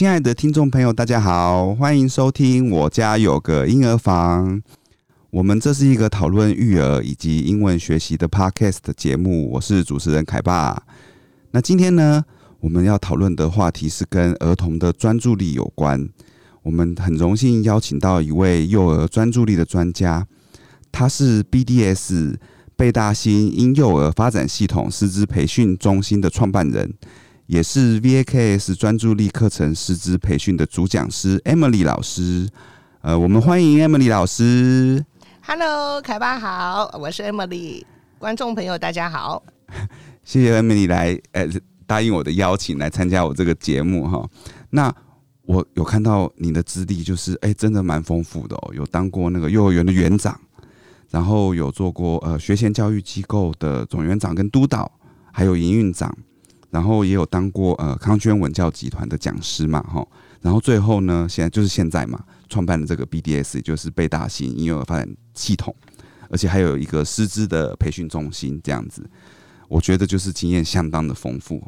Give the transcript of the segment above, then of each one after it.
親愛的聽眾朋友，大家好，歡迎收聽《我家有個英兒房》。我們這是一個討論育兒以及英文學習的 podcast 節目。我是主持人凱爸。那今天呢，我們要討論的話題是跟兒童的專注力有關。我們很榮幸邀請到一位幼兒專注力的專家，他是 BDS 貝大星嬰幼兒發展系統師資培訓中心的創辦人。也是 VAKS 專注力課程師資培訓的主講師 Emily 老師，呃，我們歡迎 Emily 老師。Hello，凱爸好，我是 Emily。觀眾朋友大家好， 謝謝 Emily 來，呃，答應我的邀請來參加我這個節目哈。那我有看到你的資歷，就是哎、欸，真的蠻豐富的哦，有當過那個幼兒園的園長， 然後有做過呃學前教育機構的總園長跟督導，還有營運長。然後也有當過呃康軒文教集團的講師嘛，哈，然後最後呢，現在就是現在嘛，創辦的這個 BDS，也就是貝大星嬰幼兒發展系統，而且還有一個師資的培訓中心這樣子，我覺得就是經驗相當的豐富。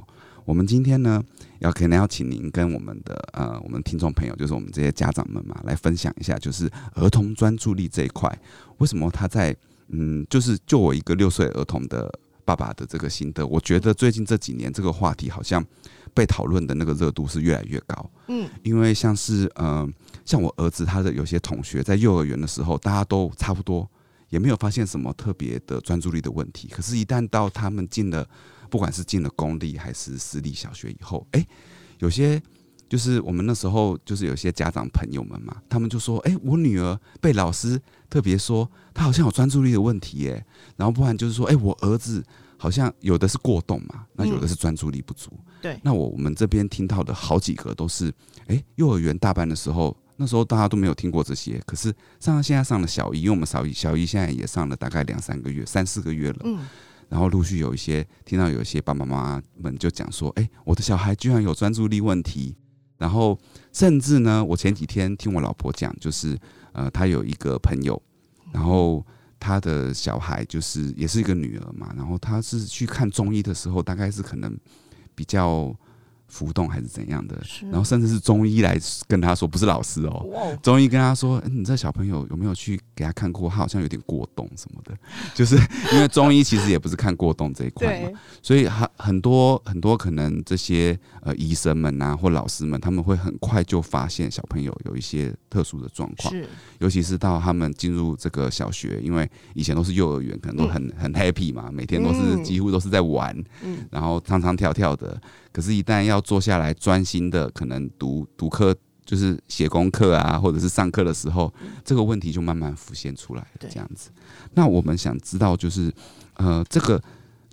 我們今天呢，要可能要請您跟我們的呃我們聽眾朋友，就是我們這些家長們嘛，來分享一下，就是兒童專注力這一塊，為什麼他在嗯，就是就我一個六歲兒童的。爸爸的這個心得，我覺得最近這幾年這個話題好像被討論的那個熱度是越來越高。嗯，因為像是嗯、呃，像我兒子他的有些同學在幼兒園的時候，大家都差不多，也沒有發現什麼特別的專注力的問題。可是，一旦到他們進了不管是進了公立還是私立小學以後，哎、欸，有些就是我們那時候就是有些家長朋友們嘛，他們就說：“哎、欸，我女兒被老師……”特別說，他好像有專注力的問題耶。然後不然就是說，哎、欸，我兒子好像有的是過動嘛，那有的是專注力不足。嗯、對，那我我們這邊聽到的好幾個都是，哎、欸，幼兒園大班的時候，那時候大家都沒有聽過這些。可是上到現在上了小一，因為我們小一小一現在也上了大概兩三個月、三四個月了。嗯，然後陸續有一些聽到有一些爸爸媽媽們就講說，哎、欸，我的小孩居然有專注力問題。然後甚至呢，我前幾天聽我老婆講，就是。呃，他有一個朋友，然後他的小孩就是也是一個女兒嘛，然後他是去看中醫的時候，大概是可能比較。浮動還是怎樣的是？然後甚至是中醫來跟他說，不是老師哦、喔 wow，中醫跟他說，哎、欸，你這小朋友有沒有去給他看過？他好像有點過動什麼的，就是因為中醫其實也不是看過動這一塊嘛， 所以很很多很多可能這些呃醫生們啊或老師們，他們會很快就發現小朋友有一些特殊的狀況，尤其是到他們進入這個小學，因為以前都是幼兒園，可能都很、嗯、很 happy 嘛，每天都是幾乎都是在玩，嗯、然後唱唱跳跳的。可是，一旦要坐下來專心的，可能讀讀課，就是寫功課啊，或者是上課的時候，這個問題就慢慢浮現出來。對，這樣子。那我們想知道，就是呃，這個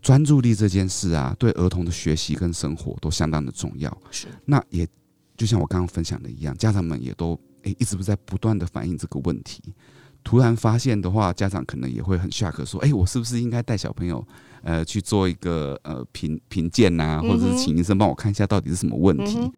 專注力這件事啊，對兒童的學習跟生活都相當的重要。是。那也就像我剛剛分享的一樣，家長們也都誒、欸、一直都在不斷的反映這個問題。突然發現的話，家長可能也會很下課說：“哎、欸，我是不是應該帶小朋友？”呃，去做一個呃評評鑑吶，或者是請醫生幫我看一下到底是什麼問題。嗯、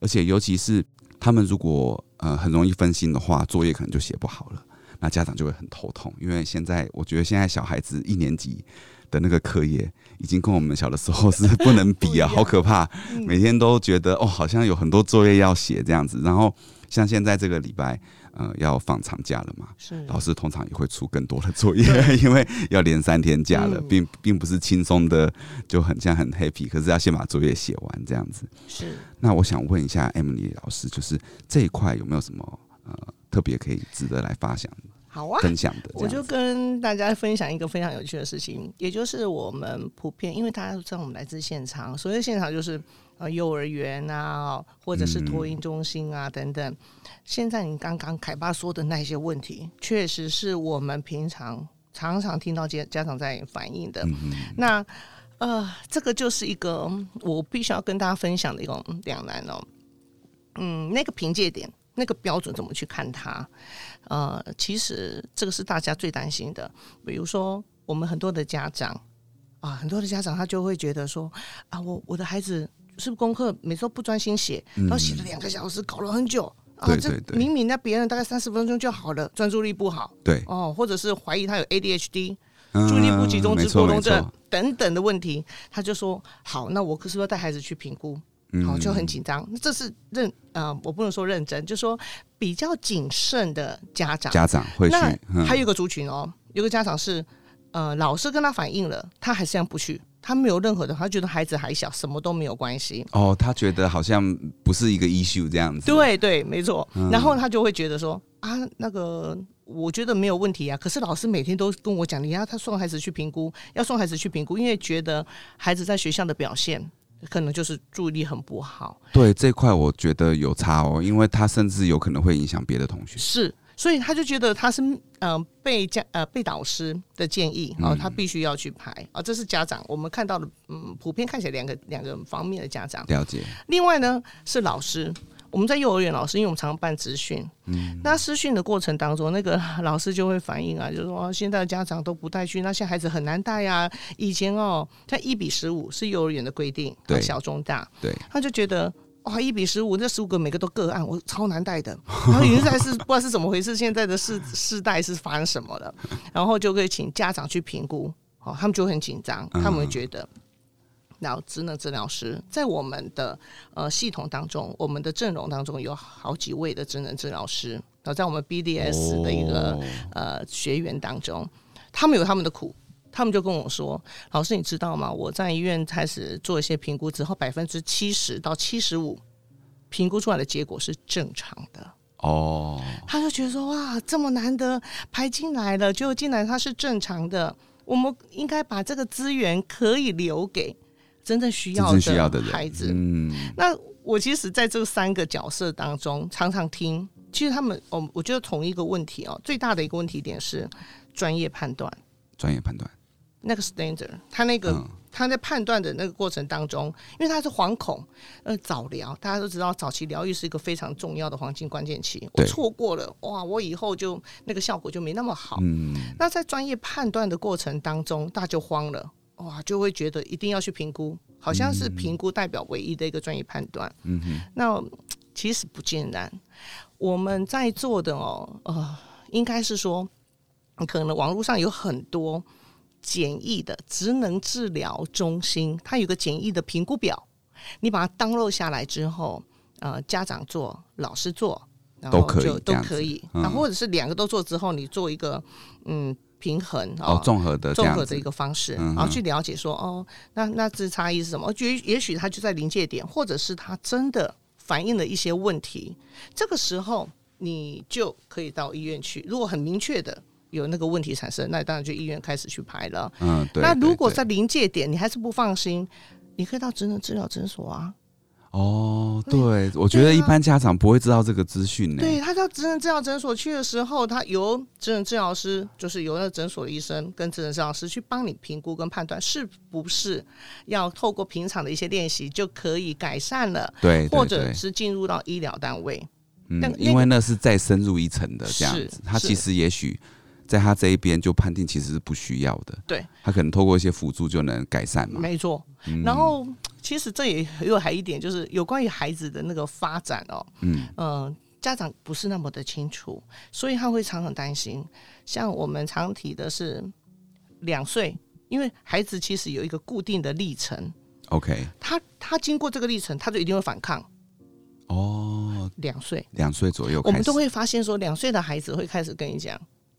而且，尤其是他們如果呃很容易分心的話，作業可能就寫不好了。那家長就會很頭痛，因為現在我覺得現在小孩子一年級的那個課業已經跟我們小的時候是不能比啊，好可怕！每天都覺得哦，好像有很多作業要寫這樣子。然後像現在這個禮拜。呃，要放長假了嘛，是老師通常也會出更多的作業，因為要連三天假了，嗯、並並不是輕鬆的，就很像很 happy，可是要先把作業寫完這樣子。是。那我想問一下 Emily 老師，就是這一塊有沒有什麼呃特別可以值得來發想，好啊分享的。我就跟大家分享一個非常有趣的事情，也就是我們普遍因為大家都知道我們來自現場，所謂現場就是呃幼兒園啊，或者是托嬰中心啊、嗯、等等。現在你剛剛凱爸說的那些問題，確實是我們平常常常聽到家家長在反映的。嗯、那呃，這個就是一個我必須要跟大家分享的一個兩難哦。嗯，那個憑借點，那個標準怎麼去看它？呃，其實這個是大家最擔心的。比如說，我們很多的家長啊，很多的家長他就會覺得說啊，我我的孩子是不是功課每次都不專心寫，然、嗯、後寫了兩個小時，搞了很久。啊，這明明那別人大概三十分鐘就好了，對對對，專注力不好，對哦，或者是懷疑他有 ADHD，、嗯、注意力不集中之過動症、嗯、等等的問題，他就說好，那我是不是要帶孩子去評估？好、嗯哦，就很緊張。那這是認呃，我不能說認真，就是、說比較謹慎的家長，家長會去。還、嗯、有一個族群哦，有個家長是呃，老師跟他反映了，他還是這樣不去。他沒有任何的，他覺得孩子還小，什麼都沒有關係。哦，他覺得好像不是一個 issue 這樣子。對對，沒錯。然後他就會覺得說、嗯、啊，那個我覺得沒有問題啊。可是老師每天都跟我講，你要他送孩子去評估，要送孩子去評估，因為覺得孩子在學校的表現可能就是注意力很不好。對這塊，我覺得有差哦，因為他甚至有可能會影響別的同學。是。所以他就覺得他是呃被家呃被導師的建議啊、呃，他必須要去排啊、嗯。這是家長我們看到的，嗯，普遍看起來兩個兩個方面的家長。了解。另外呢是老師，我們在幼兒園老師，因為我們常常辦師訓嗯，那師訓的過程當中，那個老師就會反映啊，就是、說現在的家長都不帶去，那些孩子很難帶啊。以前哦，在一比十五是幼兒園的規定，對、啊、小中大，對他就覺得。哇、哦，一比十五，那十五個每個都個案，我超難帶的。然後原來是 不知道是怎麼回事，現在的世世代是發生什麼了？然後就可以請家長去評估，哦，他們就很緊張，他們會覺得。嗯、然後職能治療師在我們的呃系統當中，我們的陣容當中有好幾位的職能治療師。然後在我們 BDS 的一個、哦、呃學員當中，他們有他們的苦。他們就跟我說：“老師，你知道嗎？我在醫院開始做一些評估之後，百分之七十到七十五評估出來的結果是正常的。”哦，他就覺得說：“哇，這麼難得排進來了，就進來他是正常的，我們應該把這個資源可以留給真正需要的、需要的孩子。”嗯，那我其實在這三個角色當中，常常聽，其實他們，我我覺得同一個問題哦，最大的一個問題點是專業判斷，專業判斷。那個 standard 他那個、哦、他在判斷的那個過程當中，因為他是惶恐，呃，早療大家都知道，早期療癒是一個非常重要的黃金關鍵期，我錯過了哇，我以後就那個效果就沒那麼好。嗯，那在專業判斷的過程當中，大家就慌了，哇，就會覺得一定要去評估，好像是評估代表唯一的一個專業判斷。嗯哼，那其實不盡然，我們在做的哦，呃，應該是說，可能網絡上有很多。簡易的職能治療中心，它有個簡易的評估表，你把它 download 下來之後，呃，家長做，老師做，然後就都可以，都可以，都可以，然後或者是兩個都做之後，你做一個嗯平衡哦，哦、綜合的綜合的一個方式，嗯、然後去了解說哦，那那這差異是什麼？就也許它就在臨界點，或者是它真的反映了一些問題，這個時候你就可以到醫院去。如果很明確的。有那個問題產生，那當然就醫院開始去排了。嗯，對。那如果在臨界點，你還是不放心，你可以到職能治療診所啊。哦，對、嗯，我覺得一般家長不會知道這個資訊對、啊。對，他到職能治療診所去的時候，他由職能治療師，就是由那診所的醫生跟職能治療師去幫你評估跟判斷，是不是要透過平常的一些練習就可以改善了。對，對對，或者是進入到醫療單位。嗯因，因為那是再深入一層的，這樣子，他其實也許。在他這一邊就判定其實是不需要的，對，他可能透過一些輔助就能改善嘛。沒錯，然後、嗯、其實這也又還有一點就是有關於孩子的那個發展哦、喔，嗯嗯、呃，家長不是那麼的清楚，所以他會常常擔心。像我們常提的是兩歲，因為孩子其實有一個固定的歷程。OK，他他經過這個歷程，他就一定會反抗。哦，兩歲，兩歲左右，我們都會發現說，兩歲的孩子會開始跟你講。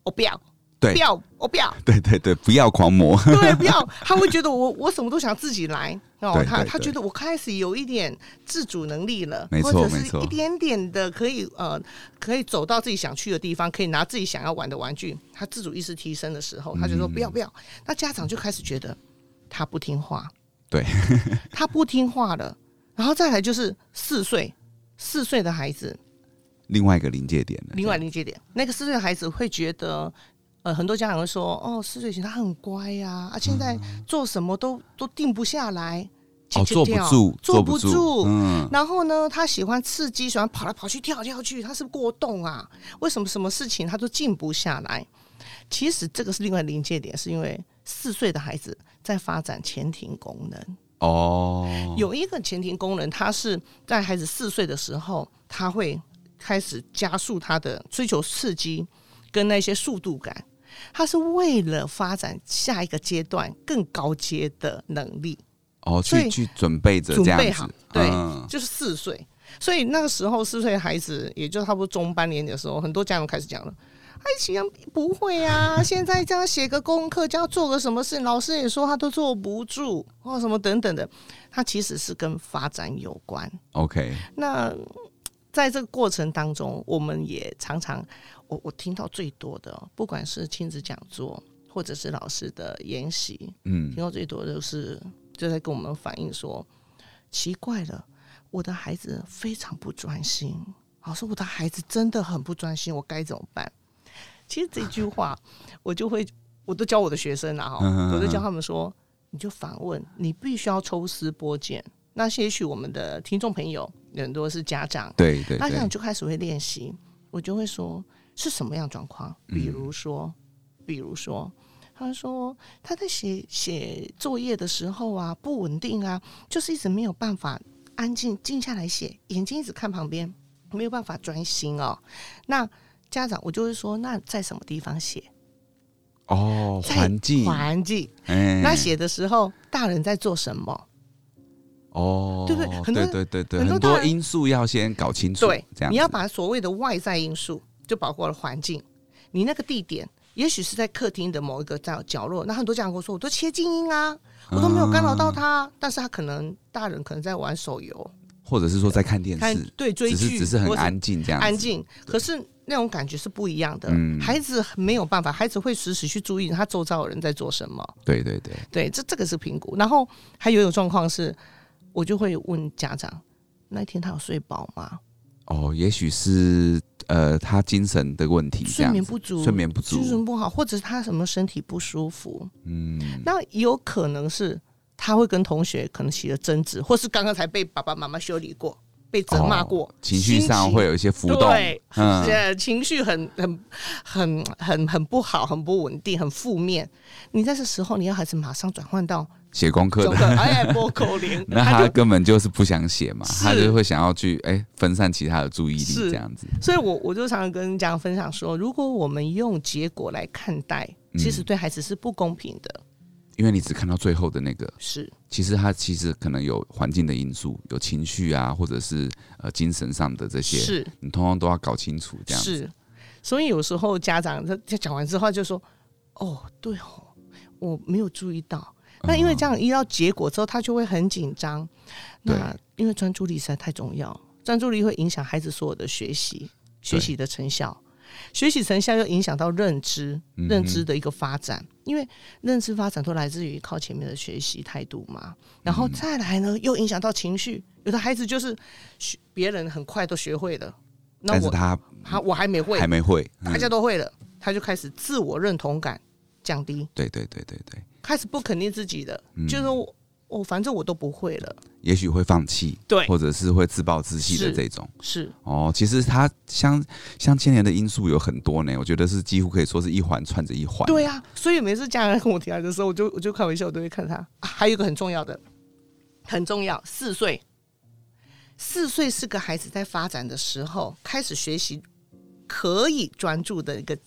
我不要，對不要，我不要，對對對，不要狂魔，對，不要，他會覺得我我什麼都想自己來，哦，他他覺得我開始有一點自主能力了，沒錯沒錯，是一點點的可以呃可以走到自己想去的地方，可以拿自己想要玩的玩具，他自主意識提升的時候，他就說不要、嗯、不要，那家長就開始覺得他不聽話，對， 他不聽話了，然後再來就是四歲四歲的孩子。另外一個臨界點呢？另外臨界點，那個四歲的孩子會覺得，呃，很多家長會說，哦，四歲前他很乖呀，啊，啊，現在做什麼都，嗯、都定不下來，潛潛哦，坐，坐不住，坐不住，嗯，然後呢，他喜歡刺激，喜歡跑來跑去，跳來跳去，他是不是過動啊？為什麼什麼事情他都靜不下來？其實這個是另外臨界點，是因為四歲的孩子在發展前庭功能。哦，有一個前庭功能，他是在孩子四歲的時候，他會。開始加速他的追求刺激，跟那些速度感，他是為了發展下一個階段更高階的能力。哦，去去準備着，準備好，對，嗯、就是四歲。所以那個時候，四歲孩子也就差不多中班年的時候，很多家長開始講了：“哎，這樣不會呀啊。 現在這樣寫個功課，這樣做個什麼事，老師也說他都坐不住或什麼等等的。”他其實是跟發展有關。OK，那。在這個過程當中，我們也常常，我我聽到最多的，不管是親子講座，或者是老師的研習，嗯，聽到最多的就是就在跟我們反映說，奇怪了，我的孩子非常不專心，老師，說我的孩子真的很不專心，我該怎麼辦？其實這句話， 我就會，我都教我的學生哈， 我都教他們說，你就反問，你必須要抽絲剝繭。那些許我們的聽眾朋友。很多是家長，對對，對，那家長就開始會練習，我就會說是什麼樣狀況，比如說、嗯，比如說，他說他在寫寫作業的時候啊，不穩定啊，就是一直沒有辦法安靜靜下來寫，眼睛一直看旁邊，沒有辦法專心哦。那家長我就會說，那在什麼地方寫？哦，環境，環境，欸、那寫的時候大人在做什麼？哦，oh，對對，對對，很多很多因素要先搞清楚。對，這樣你要把所謂的外在因素，就包括了環境，你那個地點，也許是在客廳的某一個角角落。那很多家長跟我說，我都切靜音啊，嗯，我都沒有干擾到他，但是他可能大人可能在玩手遊，或者是說在看電視，對，看，對，追劇，只是只是很安靜這樣，安靜。可是那種感覺是不一樣的，嗯。孩子沒有辦法，孩子會時時去注意他周遭的人在做什麼。對對對對，這這個是評估。然後還有一種狀況是。我就會問家長，那一天他有睡飽嗎？哦，也許是呃，他精神的問題，睡眠不足，睡眠不足，精神不好，或者是他什麼身體不舒服。嗯，那有可能是他會跟同學可能起了爭執，或是剛剛才被爸爸媽媽修理過，被責罵過，哦、情緒上會有一些浮動，呃、嗯，情緒很很很很很不好，很不穩定，很負面。你在這時候，你要孩子馬上轉換到。寫功課的，而且口那他根本就是不想寫嘛，他，就，他，就，他就，就會想要去哎、欸、分散其他的注意力，這樣子。所以我，我我就常常跟家長分享說，如果我們用結果來看待，其實對孩子是不公平的，嗯、因為你只看到最後的那個是、嗯，其實他其實可能有環境的因素，有情緒啊，或者是呃精神上的這些，是你通通都要搞清楚這樣子。是，所以有時候家長在講完之後就說：“哦，對哦，我沒有注意到。”那因為這樣一到結果之後，他就會很緊張。那因為專注力實在太重要，專注力會影響孩子所有的學習、學習的成效、學習成效又影響到認知、嗯、認知的一個發展。因為認知發展都來自於靠前面的學習態度嘛。然後再來呢，又影響到情緒。有的孩子就是學別人很快都學會了，我但是他他我還沒會，還沒會，大家都會了，他就開始自我認同感降低，對，對對對對對，開始不肯定自己的，嗯、就是我我、哦、反正我都不會了，也許會放棄，對，或者是會自暴自棄的這種，是，是哦。其實他相相牽連的因素有很多呢，我覺得是幾乎可以說是一環串着一環、啊。對啊，所以每次家人跟我提來的時候，我就我就開玩笑，我都會看他、啊。還有一個很重要的，很重要，四歲，四歲是個孩子在發展的時候開始學習可以專注的一個。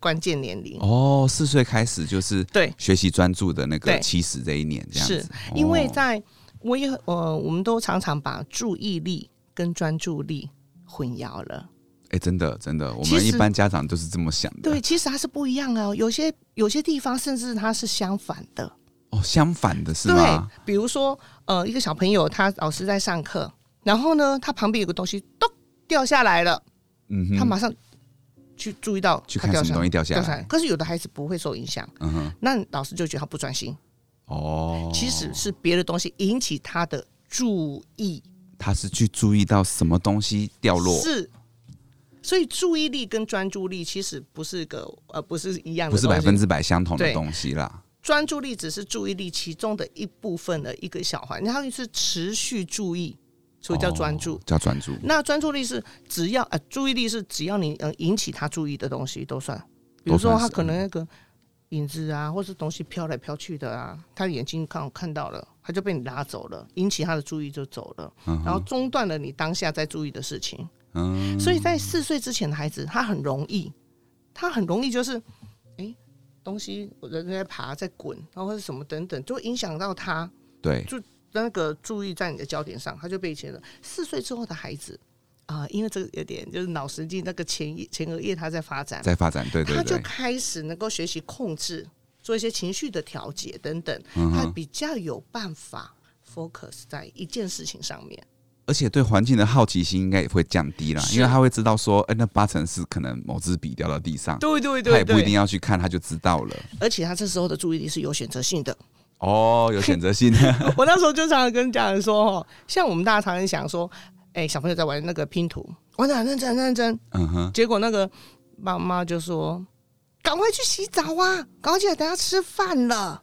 關鍵年齡哦，四歲開始就是對學習專注的那個起始這一年，這樣子。是因為在、哦、我也呃，我們都常常把注意力跟專注力混淆了。哎、欸，真的真的，我們一般家長都是這麼想的。對，其實它是不一樣哦。有些有些地方甚至它是相反的。哦，相反的是嗎？對，比如說呃，一個小朋友他老師在上課，然後呢，他旁邊有個東西咚掉下來了，嗯哼，他馬上。去注意到去看什麼東西掉下，掉下來，可是有的孩子不會受影響，嗯哼，那老師就覺得他不專心。哦，其實是別的東西引起他的注意，他是去注意到什麼東西掉落。是，所以注意力跟專注力其實不是個呃，不是一樣的東西，不是百分之百相同的東西啦。專注力只是注意力其中的一部分的一個小環，它是持續注意。所以叫專注，哦、叫專注。那專注力是只要啊、呃，注意力是只要你能引起他注意的東西都算。比如說他可能那個影子啊，或是東西飄來飄去的啊，他眼睛看看到了，他就被你拉走了，引起他的注意就走了，嗯、然後中斷了你當下在注意的事情。嗯、所以在四歲之前的孩子，他很容易，他很容易就是，哎、欸，東西人在爬在滾，然後或者什麼等等，就影響到他。對，就。那個注意在你的焦點上，他就被牽了。四歲之後的孩子啊、呃，因為這個有點就是腦神經那個前一前額葉他在發展，在發展，對對對，對，他就開始能夠學習控制，做一些情緒的調節等等，他、嗯、比較有辦法 focus 在一件事情上面。而且對環境的好奇心應該也會降低了，因為他會知道說，哎、欸，那八成是可能某支筆掉到地上，對對，對對對，他也不一定要去看，他就知道了。而且他這時候的注意力是有選擇性的。哦、oh,，有選擇性。 我那時候就常常跟家人說，哦，像我們大家常常想說，哎、欸，小朋友在玩那個拼圖，玩的很認真、認真。嗯哼。結果那個媽媽就說：“趕快去洗澡啊，趕快起來，等下吃飯了。”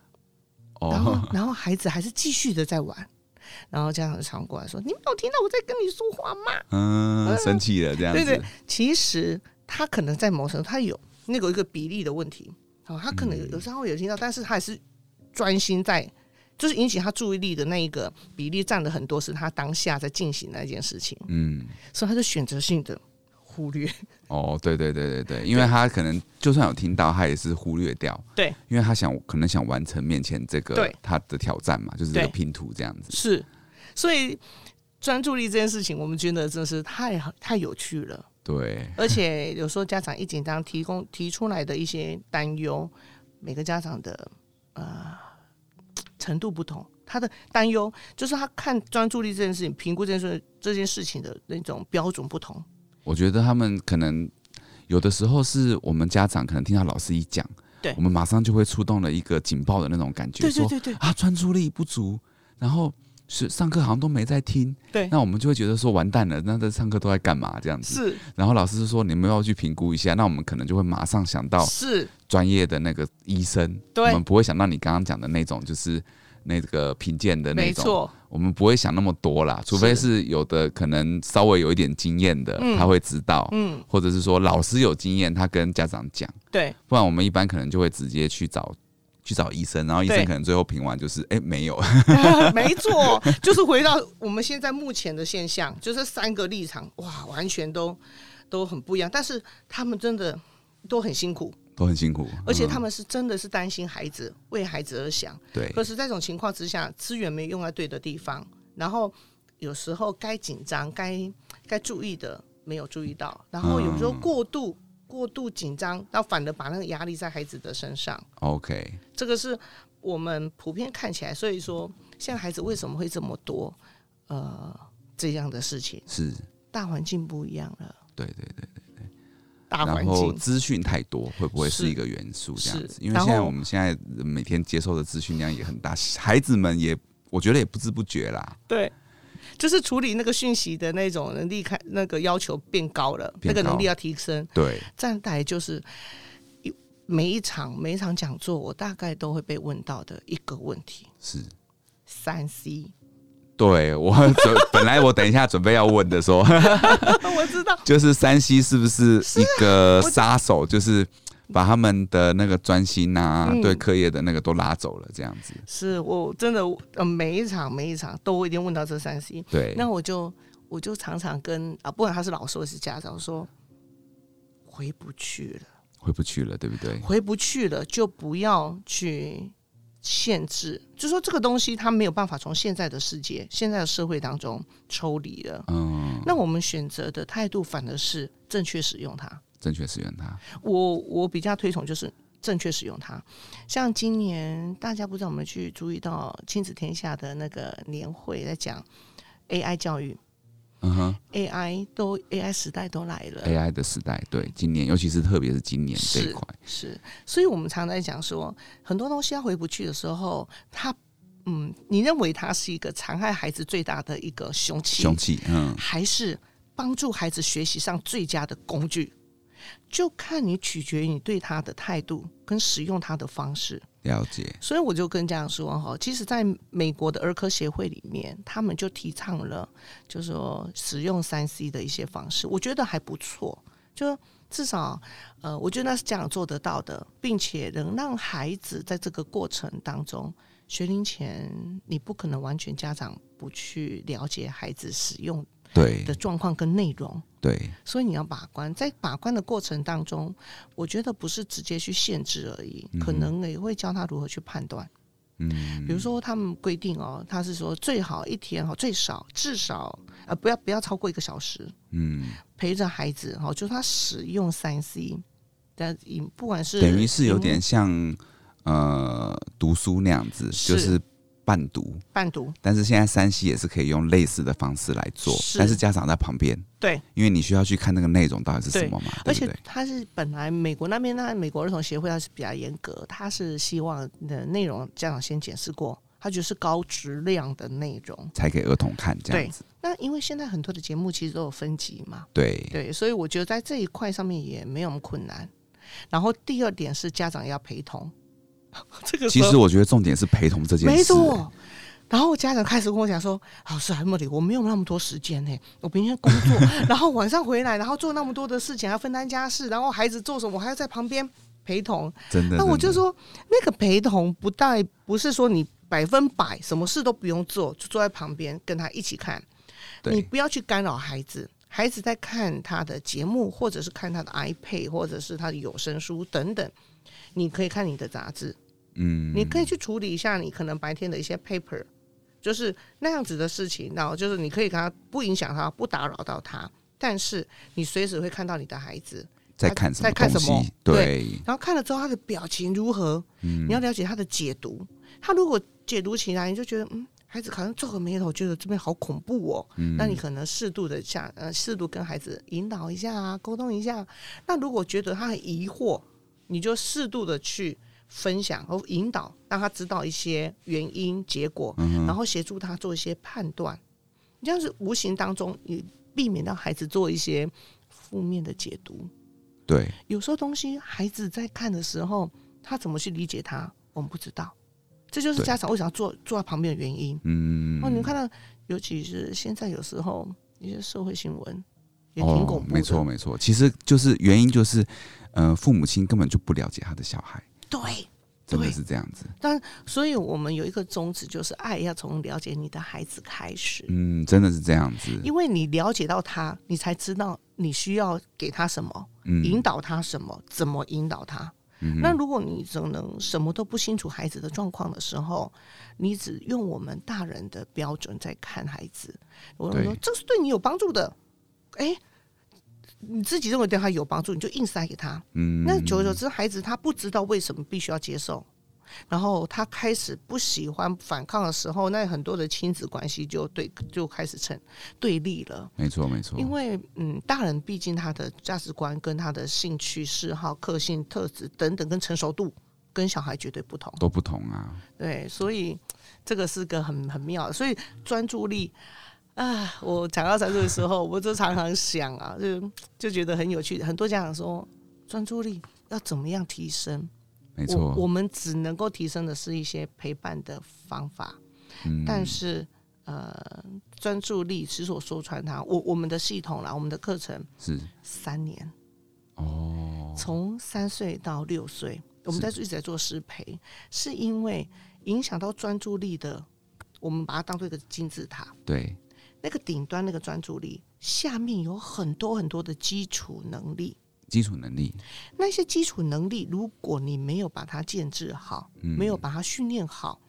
哦。然後，然後孩子還是繼續的在玩。然後家長常，常過來說：“你沒有聽到我在跟你說話嗎？”嗯、uh -huh.，生氣了這樣子。對，對對。其實他可能在某程度，他有那個一個比例的問題啊，他可能有時候有聽到，uh -huh. 但是他還是。專心在，就是引起他注意力的那一個比例佔的很多，是他當下在進行那件事情。嗯，所以他就選擇性的忽略。哦，對對對對對，因為他可能就算有聽到，他也是忽略掉。對，因為他想可能想完成面前這個他的挑戰嘛，就是這個拼圖這樣子。是，所以專注力這件事情，我們覺得真的是太太有趣了。對，而且有時候家長一緊張，提供提出來的一些擔憂，每個家長的啊。呃程度不同，他的擔憂就是他看專注力這件事情，評估這件事這件事情的那種標準不同。我覺得他們可能有的時候是我們家長可能聽到老師一講，對，我們馬上就會觸動了一個警報的那種感覺，對對對對，說，啊，專注力不足，然後。是上課好像都沒在聽，對，那我們就會覺得說完蛋了，那在上課都在幹嘛這樣子？是，然後老師就說你們要去評估一下，那我們可能就會馬上想到是專業的那個醫生，對，我們不會想到你剛剛講的那種就是那個評鑑的那種沒錯。我們不會想那麼多啦，除非是有的可能稍微有一點經驗的他會知道，嗯，或者是說老師有經驗，他跟家長講，對，不然我們一般可能就會直接去找。去找醫生，然後醫生可能最後評完就是，哎、欸，沒有。啊、沒錯， 就是回到我們現在目前的現象，就是三個立場，哇，完全都都很不一樣。但是他們真的都很辛苦，都很辛苦，而且他們是真的是擔心孩子，嗯，為孩子而想。對。可是在這種情況之下，資源沒用在對的地方，然後有時候該緊張該該注意的沒有注意到，然後有時候過度。嗯過度緊張，倒反而把那個壓力在孩子的身上。OK，這個是我們普遍看起來，所以說現在孩子為什麼會這麼多呃這樣的事情？是大環境不一樣了。對對對對對。大環境資訊太多，會不會是一個元素？這樣子是是，因為現在我們現在每天接受的資訊量也很大，孩子們也我覺得也不知不覺啦。對。就是處理那個訊息的那種能力，開那個要求變高了變高，那個能力要提升。對，這樣就是每，每一場每一場講座，我大概都會被問到的一個問題。是三 C，對我準 本來我等一下準備要問的時候， 我知道，就是三 C 是不是一個殺手？就是。把他們的那個專心吶、啊嗯，對課業的那個都拉走了，這樣子。是我真的，呃，每一場每一場都一定問到這三 C。對。那我就我就常常跟啊，不管他是老師還是家長，說回不去了。回不去了，對不對？回不去了，就不要去限制，就說這個東西，他沒有辦法從現在的世界、現在的社會當中抽離了。嗯。那我們選擇的態度反而是正確使用它。正確使用它，我我比較推崇就是正確使用它。像今年大家不知道有沒有去注意到親子天下的那個年會，在講 AI 教育，嗯哼，AI 都 AI 時代都來了，AI 的時代對，今年尤其是特別是今年是這一塊是，所以我們常在講說，很多東西它回不去的時候，它嗯，你認為它是一個殘害孩子最大的一個凶器，凶器，嗯，還是幫助孩子學習上最佳的工具？就看你取決於你對他的態度跟使用他的方式，了解。所以我就跟家長說哈，其實在美國的兒科協會裡面，他們就提倡了，就是說使用三 C 的一些方式，我覺得還不錯。就至少，呃，我覺得那是家長做得到的，並且能讓孩子在這個過程當中學齡前，你不可能完全家長不去了解孩子使用的。對，對的狀況跟內容，對，所以你要把關，在把關的過程當中，我覺得不是直接去限制而已，嗯、可能也會教他如何去判斷。嗯，比如說他們規定哦，他是說最好一天哦最少，至少啊，呃、不要不要超過一個小時。嗯，陪着孩子哦，就他使用三 C，但不管是等於是有點像呃讀書那樣子，是就是。伴讀，伴讀。但是現在 3C 也是可以用類似的方式來做，是但是家長在旁邊。對，因為你需要去看那個內容到底是什麼嘛，對對對。而且他是本來美國那邊，那美國兒童協會他是比較嚴格，他是希望的內容家長先檢視過，他覺得是高質量的內容才給兒童看這樣子。那因為現在很多的節目其實都有分級嘛。對對，所以我覺得在這一塊上面也沒有困難。然後第二點是家長要陪同。這個其實我覺得重點是陪同這件事，沒錯。然後我家長開始跟我講說：“老師 Emily，我沒有那麼多時間呢、欸，我平時工作， 然後晚上回來，然後做那麼多的事情，還要分擔家事，然後孩子做什麼，我還要在旁邊陪同。”真的。那我就說，那個陪同不帶，不是說你百分百什麼事都不用做，就坐在旁邊跟他一起看。你不要去干擾孩子，孩子在看他的節目，或者是看他的 iPad，或者是他的有聲書等等，你可以看你的雜誌。嗯，你可以去處理一下你可能白天的一些 paper，就是那樣子的事情。然後就是你可以跟他不影響他，不打擾到他，但是你隨時會看到你的孩子在看，在看什麼，在看什麼，對。然後看了之後，他的表情如何？你要了解他的解讀。嗯，他如果解讀起來，你就覺得嗯，孩子好像皺個眉頭，覺得這邊好恐怖哦。嗯，那你可能適度的想呃，適度跟孩子引導一下啊，溝通一下。那如果覺得他很疑惑，你就適度的去。分享和引導，讓他知道一些原因、結果，嗯、然後協助他做一些判斷。這樣是無形當中，你避免讓孩子做一些負面的解讀。對，有時候東西孩子在看的時候，他怎麼去理解他，我們不知道。這就是家長為什麼坐坐在旁邊的原因。嗯，哦，你們看到，尤其是現在有時候一些社會新聞也挺恐怖的。哦。沒錯，沒錯，其實就是原因就是，嗯、呃，父母親根本就不了解他的小孩。對，真的是這樣子。但所以我們有一個宗旨，就是愛要從了解你的孩子開始。嗯，真的是這樣子。因為你了解到他，你才知道你需要給他什麼，嗯、引導他什麼，怎麼引導他、嗯。那如果你只能什麼都不清楚孩子的狀況的時候，你只用我們大人的標準在看孩子，我說這是對你有幫助的。哎。欸你自己認為對他有幫助，你就硬塞給他。嗯，那久而久之，孩子他不知道為什麼必須要接受，然後他開始不喜歡反抗的時候，那很多的親子關係就對就開始成對立了。沒錯，沒錯。因為嗯，大人畢竟他的價值觀、跟他的興趣、嗜好、個性、特質等等，跟成熟度跟小孩絕對不同，都不同啊。對，所以這個是個很很妙的，所以專注力。啊，我講到三歲的時候，我就常常想啊，就就覺得很有趣。很多家長說，專注力要怎麼樣提升？沒錯，我們只能夠提升的是一些陪伴的方法。嗯，但是呃，專注力是我說穿它，我我們的系統啦，我們的課程是三年哦，從三歲到六歲，我們在一直在做師培，是，是因為影響到專注力的，我們把它當作一個金字塔。對。那個頂端那個專注力，下面有很多很多的基礎能力。基礎能力，那些基礎能力，如果你沒有把它建置好，嗯、沒有把它訓練好，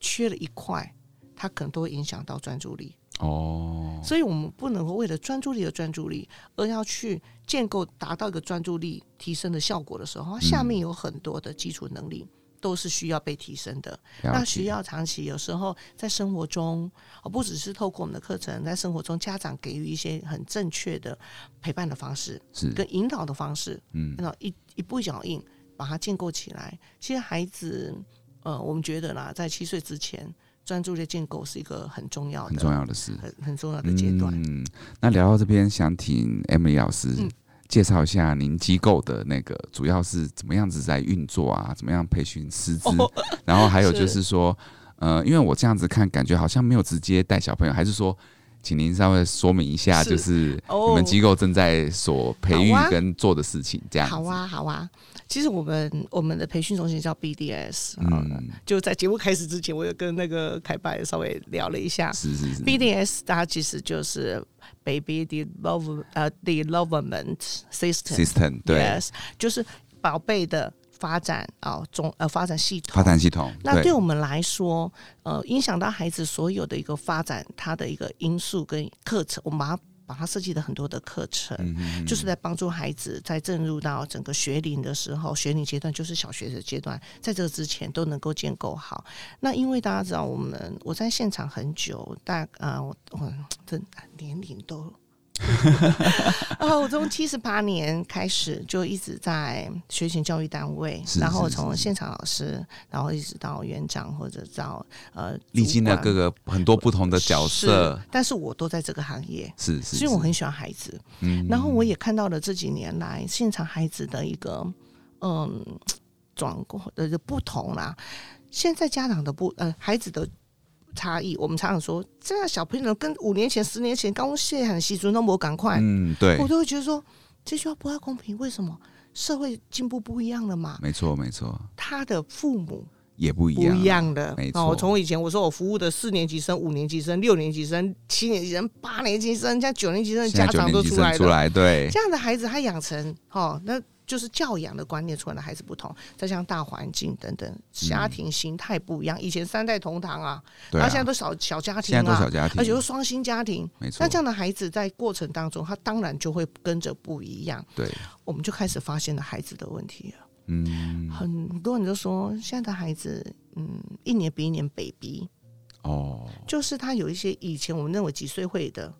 缺了一塊，它可能都會影響到專注力。哦，所以我們不能為了專注力的專注力，而要去建構達到一個專注力提升的效果的時候，它下面有很多的基礎能力。嗯都是需要被提升的，那需要長期。有時候在生活中，我不只是透過我們的課程，在生活中家長給予一些很正確的陪伴的方式，是跟引導的方式，嗯，那一一步腳印把它建構起來。其實孩子，呃，我們覺得呢，在七歲之前專注力建構是一個很重要的、很重要的事，很很重要的階段。嗯，那聊到這邊，想請 Emily 老師。嗯介紹一下您機構的那個主要是怎麼樣子在運作啊？怎麼樣培訓師資？Oh, 然後還有就是說是，呃，因為我這樣子看，感覺好像沒有直接帶小朋友，還是說，請您稍微說明一下，就是你們機構正在所培育跟做的事情、oh, 這樣好、啊。好啊，好啊。其實我們我們的培訓中心叫 BDS，嗯，就在節目開始之前，我也跟那個凱爸稍微聊了一下，是是是，是，BDS 它其實就是。Baby develop 呃 development system system Yes. 對，就是寶貝的發展啊、哦，總呃發展系統發展系統。系統，那對我們來說，對呃，影響到孩子所有的一個發展，它的一個因素跟課程，我們。把他設計的很多的課程，嗯嗯，就是在幫助孩子在進入到整個學齡的時候，學齡階段就是小學的階段，在這個之前都能夠建構好。那因為大家知道，我們我在現場很久，大啊、呃，我我真的年齡都。 我從七十八年開始就一直在學前教育單位，是是是是，然後從現場老師，然後一直到園長或者到呃，歷經了各個很多不同的角色，是，但是我都在這個行業。是，是因為我很喜歡孩子，嗯，然後我也看到了這幾年來現場孩子的一個嗯轉過呃一個不同啦，現在家長的不呃孩子的。差異，我們常常說，這樣小朋友跟五年前、十年前剛入學很稀疏，那麼我趕快，嗯，對，我都會覺得說這句話不太公平。為什麼社會進步不一樣了嘛？沒錯，沒錯，他的父母也不一樣，不一樣的。哦，從我以前我說我服務的四年級生、五年級生、六年級生、七年級生、八年級生，加九年級生的家長都出來了，出來對，這樣的孩子他養成哦。那。就是教養的觀念出來的孩子不同，再像大環境等等，家庭型態不一樣，嗯。以前三代同堂啊，他、啊、現在都小小家庭啊，都庭而且是雙薪家庭。沒錯，那這樣的孩子在過程當中，他當然就會跟着不一樣。對、啊，我們就開始發現了孩子的問題了。嗯，很多人都說現在的孩子，嗯，一年比一年北鼻。哦，就是他有一些以前我們認為幾歲會的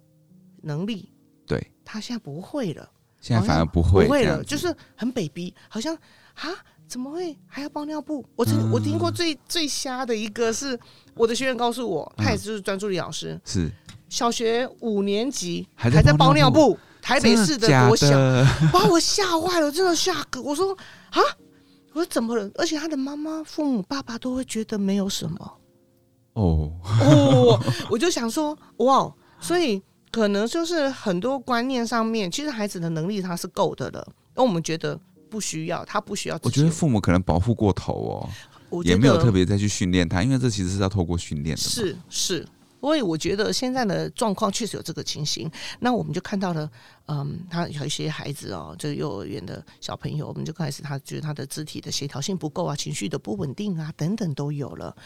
能力，對，他現在不會了。現在反而不會，啊、不會了，就是很 baby，好像啊，怎麼會還要包尿布？我真、嗯、我聽過最最瞎的一個是，我的學員告訴我，他也是專注力老師，嗯、是小學五年級，還在包尿布，尿布，台北市的國小，把我嚇壞了，真的嚇個，我說啊，我說怎麼了？而且他的媽媽、父母、爸爸都會覺得沒有什麼哦，哦，我就想說 哇，所以。可能就是很多觀念上面，其實孩子的能力他是夠的了，但我們覺得不需要，他不需要。我覺得父母可能保護過頭哦，也沒有特別再去訓練他，因為這其實是要透過訓練的。是是，所以我覺得現在的狀況確實有這個情形。那我們就看到了，嗯，他有一些孩子哦，就幼兒園的小朋友，我們就開始他覺得他的肢體的協調性不夠啊，情緒的不穩定啊，等等都有了。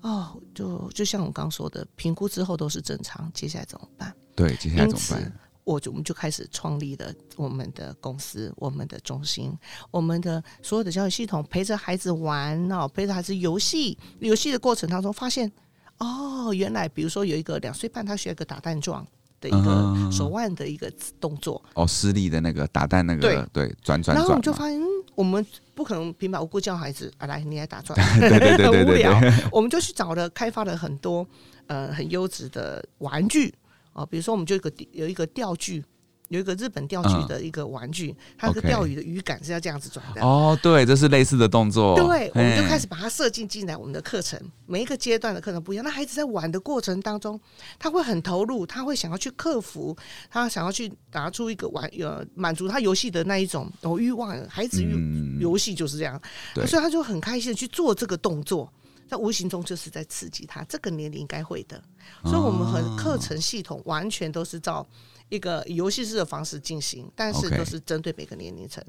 哦，就就像我剛說的，評估之後都是正常，接下來怎麼辦？對，接下來怎麼辦？因此我就我們就開始創立了我們的公司、我們的中心、我們的所有的教育系統，陪着孩子玩哦，陪着孩子遊戲。遊戲的過程當中，發現哦，原來比如說有一個兩歲半，他學一個打蛋狀的一個、嗯、手腕的一個動作哦，私立的那個打蛋那個對對轉轉。然後我們就發現，我們不可能平白無故叫孩子啊，來你也打轉，很無聊。我們就去找了，開發了很多呃很優質的玩具。哦，比如說我們就有個有一個釣具，有一個日本釣具的一個玩具，嗯、它有個釣魚的魚竿是要這樣子轉的。哦，對，這是類似的動作。對，我們就開始把它設計進來我們的課程，每一個階段的課程不一樣。那孩子在玩的過程當中，他會很投入，他會想要去克服，他想要去拿出一個玩呃滿足他遊戲的那一種哦慾望。孩子欲遊戲就是這樣、啊，所以他就很開心地去做這個動作。他無形中就是在刺激他，這個年齡應該會的，所以，我們和課程系統完全都是照一個遊戲式的方式進行，但是都是針對每個年齡層。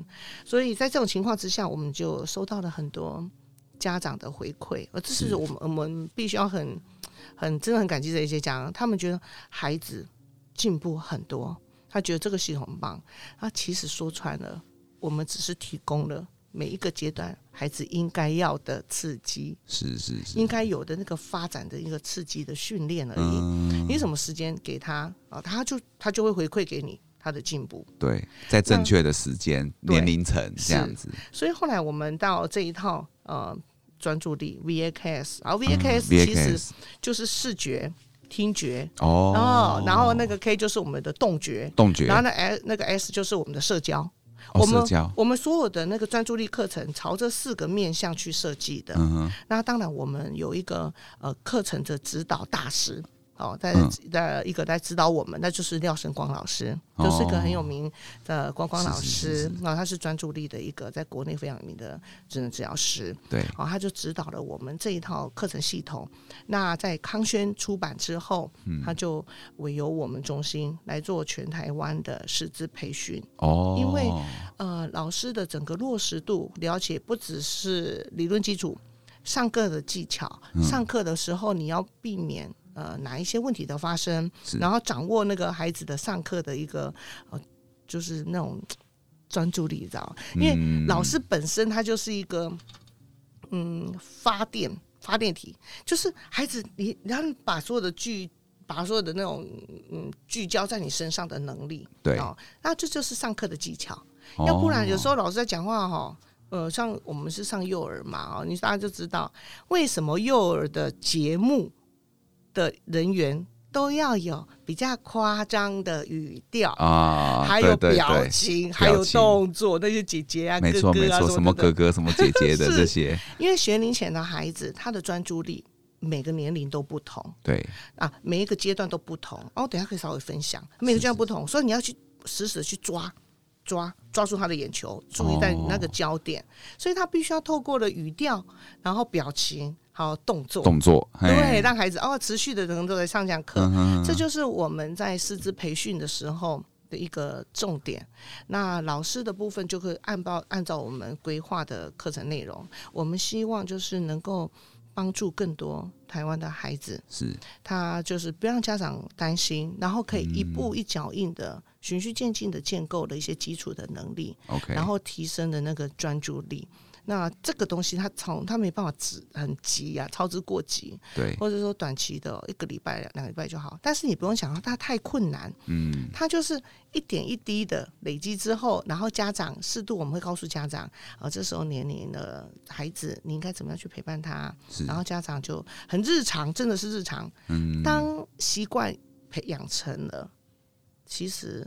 所以在這種情況之下，我們就收到了很多家長的回饋，而這是我們我們必須要很很真的很感激這一些家長，他們覺得孩子進步很多，他覺得這個系統很棒。他其實說穿了，我們只是提供了。每一個階段，孩子應該要的刺激是，是是應該有的那個發展的一個刺激的訓練而已。嗯、你什麼時間給他啊？他就他就會回饋給你他的進步。對，在正確的時間年齡層這樣子。所以後來我們到這一套呃專注力 VAKS 啊 VAKS、嗯、其實就是視覺、聽覺哦然，然後那個 K 就是我們的動覺，動覺，然後呢 S 那個 S 就是我們的社交。我們我們所有的那個專注力課程，朝着四個面向去設計的。那當然，我們有一個呃課程的指導大師。哦，在在，一個在指導我們，嗯、那就是廖笙光老師，哦、就是一個很有名的光光老師啊、哦，他是專注力的一個在國內非常有名的職能治療師。對，哦，他就指導了我們這一套課程系統。那在康軒出版之後，嗯、他就委由我們中心來做全台灣的師資培訓。哦，因為呃，老師的整個落實度，了解不只是理論基礎，上課的技巧，嗯、上課的時候你要避免。呃，哪一些問題的發生，然後掌握那個孩子的上課的一個呃，就是那種專注力，知道，嗯、因為老師本身他就是一個嗯，發電發電體，就是孩子你，你你要把所有的聚，把所有的那種嗯，聚焦在你身上的能力，對哦，那這就是上課的技巧。哦，要不然有時候老師在講話哈，哦哦，呃，像我們是上幼兒嘛，啊，哦，你大家就知道為什麼幼兒的節目。的人員都要有比較誇張的語調啊，還有，表情，對對對還有表情，還有動作。那些姐姐啊，沒錯、啊、沒錯，什麼，什麼哥哥、什麼姐姐的 這些。因為學齡前的孩子，他的專注力每個年齡都不同，對啊，每一個階段都不同。哦，等下可以稍微分享，每個階段不同是是，所以你要去死死去抓抓抓住他的眼球，注意在那個焦點，哦、所以他必須要透過了語調，然後表情。好動作，動作對，讓孩子哦，持續的能夠在上講課、嗯，這就是我們在師資培訓的時候的一個重點。那老師的部分就可以按包按照我們規劃的課程內容，我們希望就是能夠幫助更多台灣的孩子，是他就是不要讓家長擔心，然後可以一步一腳印的循序漸進的建構的一些基礎的能力、嗯、然後提升的那個專注力。那這個東西它，他從他沒辦法急，很急呀、啊，操之過急。對，或者說短期的，一個禮拜、兩個禮拜就好。但是你不用想到他太困難，嗯，他就是一點一滴的累積之後，然後家長適度，我們會告訴家長，啊，這時候年齡的孩子，你應該怎麼樣去陪伴他。是。然後家長就很日常，真的是日常。嗯。當習慣培養成了，其實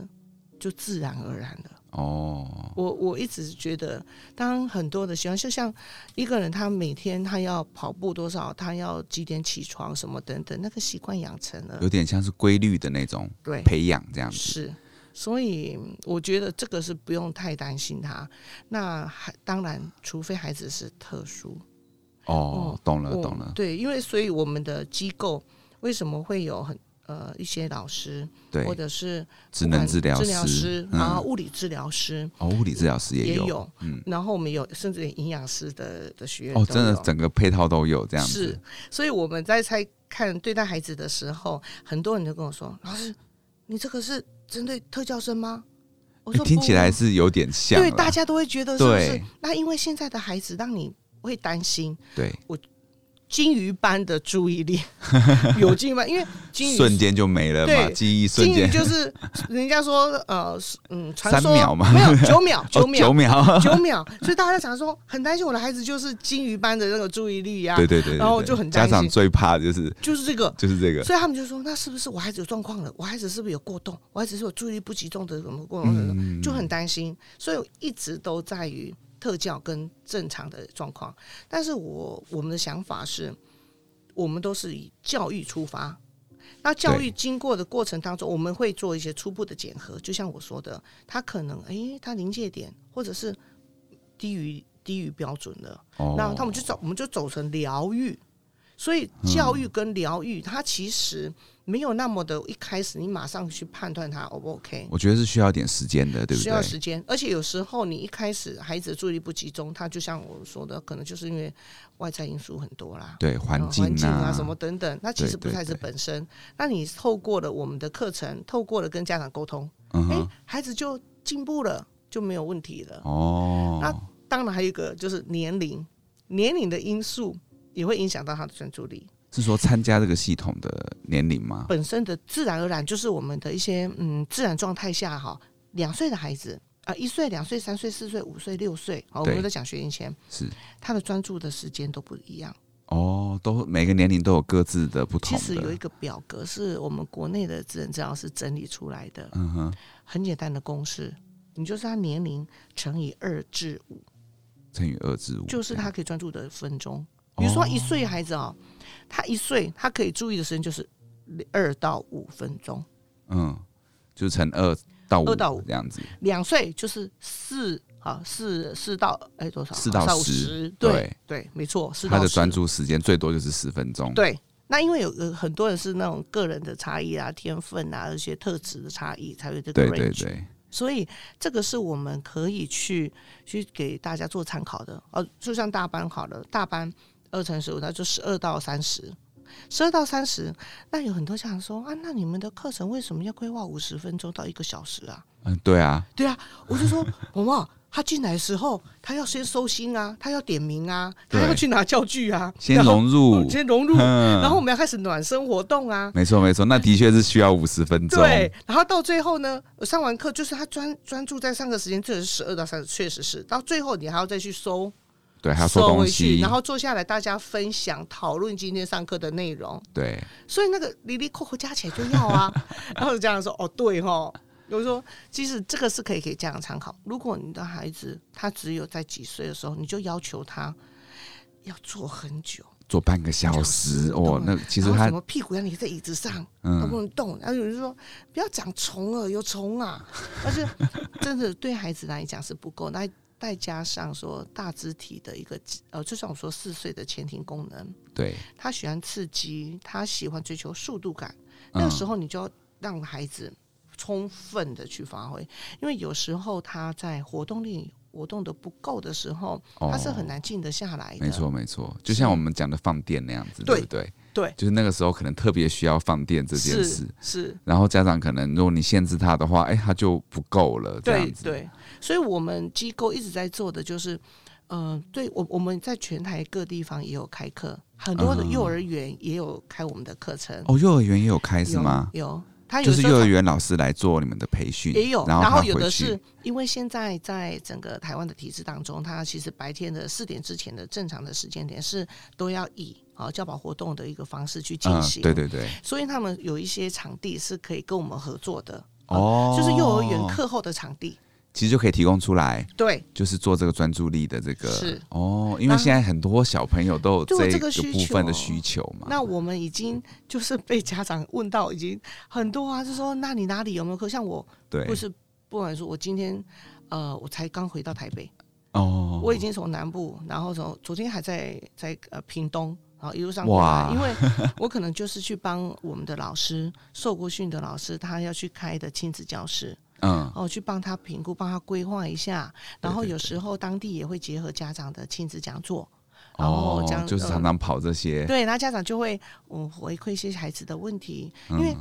就自然而然的。哦、oh，我我一直覺得，當很多的習慣，就像一個人他每天他要跑步多少，他要幾點起床，什麼等等，那個習慣養成了，有點像是規律的那種，對，培養這樣子是。所以我覺得這個是不用太擔心他。那還當然，除非孩子是特殊。哦、oh, 嗯，懂了、哦，懂了。對，因為所以我們的機構為什麼會有很。呃，一些老師，對，或者是職能治療師，師然後物理治療師、嗯，哦，物理治療師也有，也有，嗯，然後我們有，甚至連營養師的的學員，哦，真的，整個配套都有這樣子是。所以我們在猜看對待孩子的時候，很多人都跟我說：“老師，你這個是針對特教生嗎？”我說、啊欸：“聽起來是有點像。”對，大家都會覺得是不是，是，那因為現在的孩子讓你會擔心，對我。金魚般的注意力，有金魚般，因為金魚 瞬間就沒了嘛，記憶瞬間就是人家說呃，嗯，三秒嘛，沒有九秒，九秒，oh，九秒，九秒，所以大家想說很擔心我的孩子，就是金魚般的那個注意力呀、啊，對對對，對對對，然後我就很擔心，家長最怕就是就是這個，就是這個，所以他們就說那是不是我孩子有狀況了？我孩子是不是有過動？我孩子是有注意力不集中的什麼過動、嗯、就很擔心，所以我一直都在於。特教跟正常的狀況，但是我我們的想法是，我們都是以教育出發。那教育經過的過程當中，我們會做一些初步的檢核，就像我說的，他可能誒，他、欸、臨界點或者是低於低於標準的。Oh. 那我們就走，我們就走成療育。所以教育跟療育、嗯，它其實。沒有那麼的，一開始你馬上去判斷他 O 不 OK？我覺得是需要點時間的，對不對？需要時間，而且有時候你一開始孩子的注意力不集中，他就像我說的，可能就是因為外在因素很多啦，對環境啊、嗯、環境啊，啊什麼等等，那其實不是孩子本身。對對對。那你透過了我們的課程，透過了跟家長溝通、嗯欸，孩子就進步了，就沒有問題了。哦，那當然還有一個就是年齡，年齡的因素也會影響到他的專注力。是說參加這個系統的年齡嗎？本身的自然而然就是我們的一些嗯自然狀態下哈、哦，兩歲的孩子啊、呃，一歲、兩歲、三歲、四歲、五歲、六歲，好，我們在講學前，是他的專注的時間都不一樣。哦，都每個年齡都有各自的不同的。其實有一個表格是我們國內的智能治療師整理出來的，嗯哼，很簡單的公式，你就是他年齡乘以二至五，乘以二至五就是他可以專注的分鐘。哦、比如說一歲孩子啊、哦。他一歲，他可以注意的時間就是二到五分鐘。嗯，就乘二到五，二到五這樣子。兩歲就是四啊，四四到哎、欸、多少？四到十？對對，沒錯，四。他的專注時間最多就是十分鐘。對，那因為有有很多人是那種個人的差異啊，天分啊，而且特質的差異，才有這個 range。對對對。所以這個是我們可以去去給大家做參考的。呃，就像大班好了，大班。二乘十五，那就十二到三十，十二到三十。那有很多家長說啊，那你們的課程為什麼要規劃五十分鐘到一個小時啊？嗯，對啊，對啊，我就說，寶 寶他進來的時候，他要先收心啊，他要點名啊，他要去拿教具啊，先融入，嗯、先融入呵呵，然後我們要開始暖身活動啊。沒錯，沒錯，那的確是需要五十分鐘。對，然後到最後呢，上完課就是他專專注在上課時間，確、就是、實是十二到三十，確實是到最後你還要再去收。對，還要說東西收回去，然後坐下來，大家分享討論今天上課的內容。對，所以那個離離扣扣加起來就要啊。 然後這樣說：“哦，對哈、哦。”有人說：“其實這個是可以給家長參考。如果你的孩子他只有在幾歲的時候，你就要求他要坐很久，坐半個小時，小時哦。那其實他什麼屁股要你在椅子上、嗯、都不能動。然後有人說：‘不要長蟲了，有蟲啊。’但是真的對孩子來講是不夠那。”再加上說大肢體的一個，呃，就像我說四歲的前庭功能，對，他喜歡刺激，他喜歡追求速度感，那個時候你就要讓孩子充分的去發揮，因為有時候他在活動力。活動的不夠的時候、哦，他是很難靜得下來的。沒錯，沒錯，就像我們講的放電那樣子，對，對不對？對，就是那個時候可能特別需要放電這件事是。是，然後家長可能如果你限制他的話，哎、欸，他就不夠了。對，這樣子對。所以我們機構一直在做的就是，嗯、呃，對我我們在全台各地方也有開課，很多的幼兒園也有開我們的課程、嗯。哦，幼兒園也有開是嗎？有。有他，他就是幼兒園老師來做你們的培訓，也有。然後，然後，有的是因為現在在整個台灣的體制當中，他其實白天的四點之前的正常的時間點是都要以啊，呃，教保活動的一個方式去進行，嗯。對對對。所以他們有一些場地是可以跟我們合作的，呃，哦，就是幼兒園課後的場地。其實就可以提供出來，對，就是做這個專注力的這個。是哦，因為現在很多小朋友都有這個部分的需求嘛。那我們已經就是被家長問到已經很多啊，是說那你哪裡有沒有課？像我，對，不是不管說，我今天呃，我才剛回到台北哦，我已經從南部，然後從昨天還在在呃屏東，然後一路上，路上哇，因為我可能就是去幫我們的老師受過訓的老師，他要去開的親子教室。嗯，哦，去幫他評估，幫他規劃一下，然後有時候當地也會結合家長的親子講座，講哦，這樣就是常常跑這些。嗯、對，那家長就會嗯回饋一些孩子的問題，因為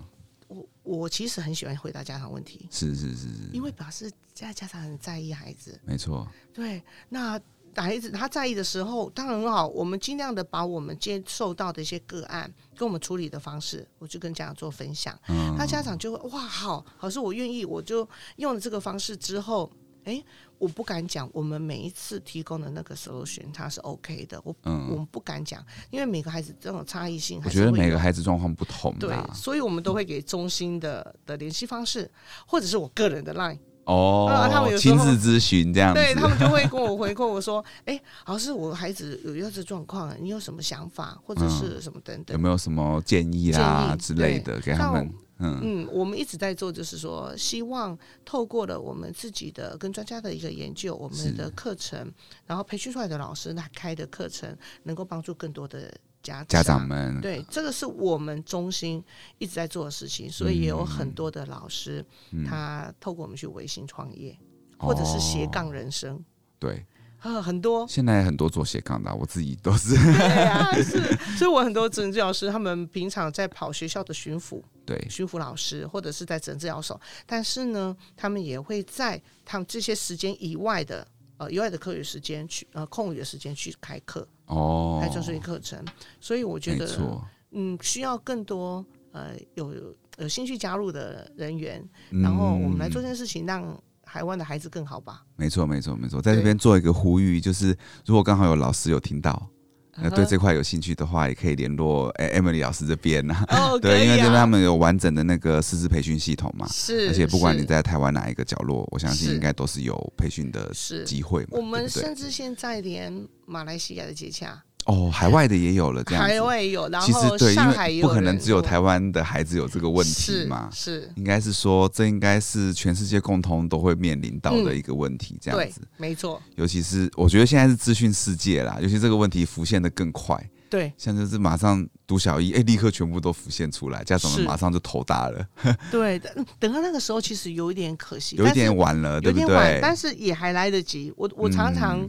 我我其實很喜歡回答家長問題、嗯，是是是是，因為表示家家長很在意孩子，沒錯，對，那。孩子他在意的時候，當然很好。我們盡量的把我們接受到的一些個案跟我們處理的方式，我就跟家長做分享。嗯，他家長就會哇，好，老師，我願意，我就用了這個方式之後，誒、欸，我不敢講我們每一次提供的那個 solution 它是 OK 的，我、嗯、我們不敢講，因為每個孩子這種差異性還是，我覺得每個孩子狀況不同的、啊，對，所以我們都會給中心的的聯繫方式，或者是我個人的 line。哦、oh，他們有親自諮詢這樣子。對，對他們就會跟我回饋。我說：“哎、 欸，老師，我孩子有這樣子狀況，你有什麼想法，或者是什麼等等？”嗯、有沒有什麼建議啊建議之類的給他們？嗯嗯，我們一直在做，就是說，希望透過了我們自己的跟專家的一個研究，我們的課程，然後培訓出來的老師那開的課程，能夠幫助更多的。家家長們，家長們。對，這個是我們中心一直在做的事情，所以也有很多的老師、嗯、他透過我們去微信創業、嗯，或者是斜槓人生。哦、對，啊，很多現在很多做斜槓的，啊，我自己都是對，啊。對 是，所以我很多職治老師， 他們平常在跑學校的巡輔，對，巡輔老師或者是在職治診所，但是呢，他們也會在他們這些時間以外的。呃，以外的課餘時間去呃，空餘的時間去開課哦，開專屬課程，所以我覺得嗯需要更多呃有有興趣加入的人員，嗯，然後我們來做這件事情，讓台灣的孩子更好吧。沒錯，沒錯，沒錯，在這邊做一個呼籲，就是如果剛好有老師有聽到。那、嗯、對這塊有興趣的話，也可以聯絡、欸、Emily 老師這邊吶、啊。Oh, 對、啊，因為他們有完整的那個師資培訓系統嘛。是。而且不管你在台灣哪一個角落，我相信應該都是有培訓的機會。是。對，對，我們甚至現在連馬來西亞的接洽。哦，海外的也有了。這樣子，海外也有，然後上海也有。其實對，因為不可能只有台灣的孩子有這個問題嘛。是，是應該是說這應該是全世界共同都會面臨到的一個問題，這樣子。嗯、對沒錯。尤其是我覺得現在是資訊世界啦，尤其這個問題浮現得更快。對，現在是馬上讀小一，哎，立刻全部都浮現出來，家長們馬上就頭大了。 對，等到那個時候其實有一點可惜，有一點晚了，晚了對不對？對，但是也還來得及。我我常常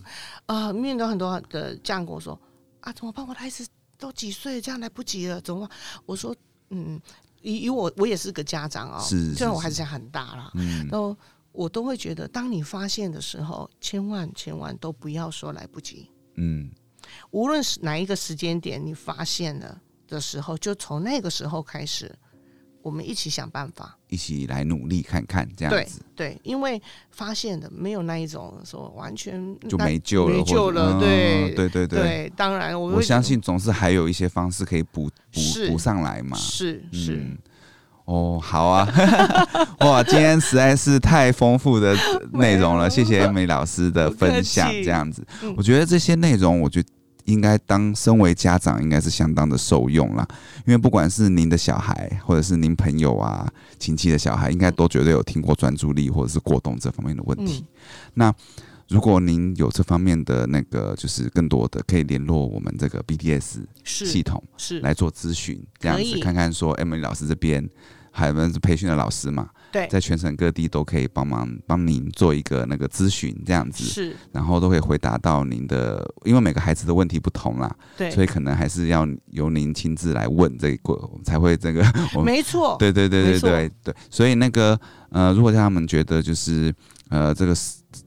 啊、嗯呃，面對很多的這樣跟我說。啊，怎麼辦？我的孩子都幾歲了，這樣來不及了，怎麼辦？我說，嗯，以以我我也是個家長啊、哦，雖然我孩子現在很大了，嗯，都我都會覺得，當你發現的時候，千萬千萬都不要說來不及，嗯，無論是哪一個時間點你發現了的時候，就從那個時候開始。我們一起想辦法，一起來努力看看這樣子。對，對因為發現的沒有那一種說完全就沒救了，沒救了或、呃對。對，對，對，對。當然我，我相信總是還有一些方式可以補補補上來嘛。是、嗯、是。哦，好啊， 哇，今天實在是太豐富的內容了， 謝謝 Emily 老師的分享，這樣子、嗯，我覺得這些內容我就。應該當身為家長，應該是相當的受用啦。因為不管是您的小孩或者是您朋友啊、親戚的小孩，應該都絕對有聽過專注力或者是過動這方面的問題。嗯、那如果您有這方面的那個，就是更多的可以聯絡我們這個 BDS 系統，是來做諮詢，這樣子看看說 Emily 老師這邊。孩子們培訓的老師嘛，對，在全省各地都可以幫忙幫您做一個那個諮詢，這樣子是，然後都會回答到您的，因為每個孩子的問題不同啦，對，所以可能還是要由您親自來問這個，才會這個，我沒錯，對對對對對對，對，所以那個呃，如果他們覺得就是呃，這個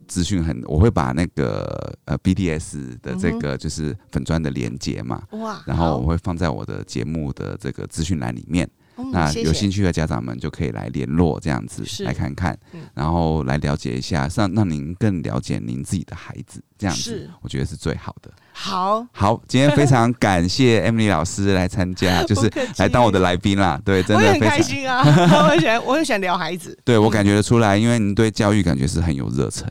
資訊很，我會把那個呃 BDS 的這個就是粉專的鏈接嘛，哇、嗯，然後我會放在我的節目的這個資訊欄裡面。那有興趣的家長們就可以來聯絡，這樣子來看看、嗯，然後來了解一下，讓讓您更了解您自己的孩子，這樣子我覺得是最好的。好，好，今天非常感謝 Emily 老師來參加， 就是來當我的來賓啦。 對，真的非常開心啊！ 我很喜歡，我很喜歡聊孩子。對，我感覺得出來，因為你對教育感覺是很有熱忱。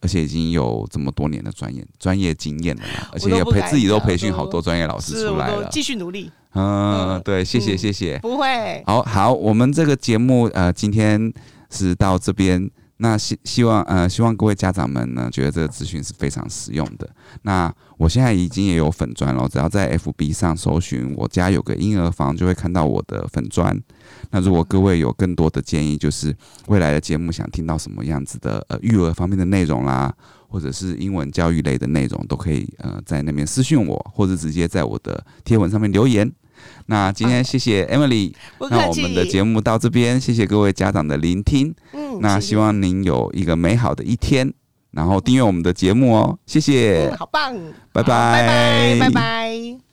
而且已經有這麼多年的專業專業經驗了，而且也培自己都培訓好多專業老師出來了，繼續努力嗯。嗯，對，謝謝，嗯、謝謝，不會。好好，我們這個節目呃，今天是到這邊。那希希望呃，希望各位家長們呢，覺得這個資訊是非常實用的。那我現在已經也有粉專了，只要在 FB 上搜尋“我家有個英兒房”，就會看到我的粉專。那如果各位有更多的建議，就是未來的節目想聽到什麼樣子的呃，育兒方面的內容啦，或者是英文教育類的內容，都可以呃，在那邊私訊我，或者直接在我的貼文上面留言。那今天謝謝 Emily，啊，那我們的節目到這邊，謝謝各位家長的聆聽，嗯，那希望您有一個美好的一天，嗯，然後訂閱我們的節目哦，嗯，謝謝，嗯，好棒，拜拜，拜拜，拜拜。